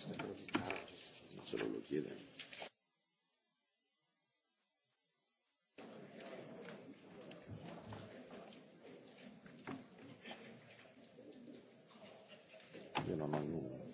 questa cosa. Non se lo chiede. Io non ho nulla.